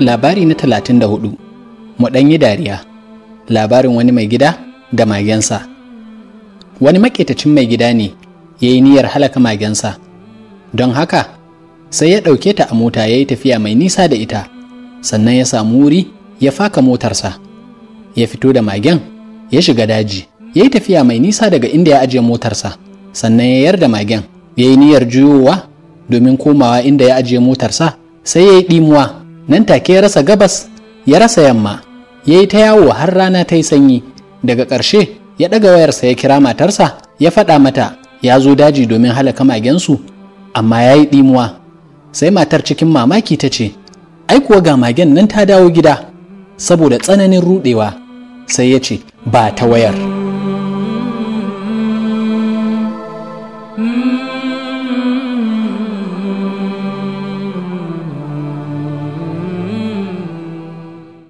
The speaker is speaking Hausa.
labari na talatin da 34 mu yi dariya labarin wani mai gida da magensa wani maƙetacin mai gida ne ya yi niyyar halaka magensa don haka sai ya ɗauke ta a mota ya yi tafiya mai nisa da ita sannan ya samu wuri ya faka motarsa ya fito da magen ya shiga daji ya yi tafiya mai nisa daga inda ya ajiye motarsa sannan ya yarda magen ya yi niyyar juyowa domin komawa inda ya ajiye motarsa sai ya yi ɗimuwa nan take ya rasa gabas ya rasa yamma ya yi ta yawo har rana ta yi sanyi daga ƙarshe ya ɗaga wayarsa ya kira matarsa ya faɗa mata ya zo daji domin halaka magensu amma ya yi ɗimuwa sai matar cikin mamaki ta ce ai kuwa ga magen nan ta dawo gida saboda tsananin ruɗewa sai ya ce ba ta wayar mm-hmm.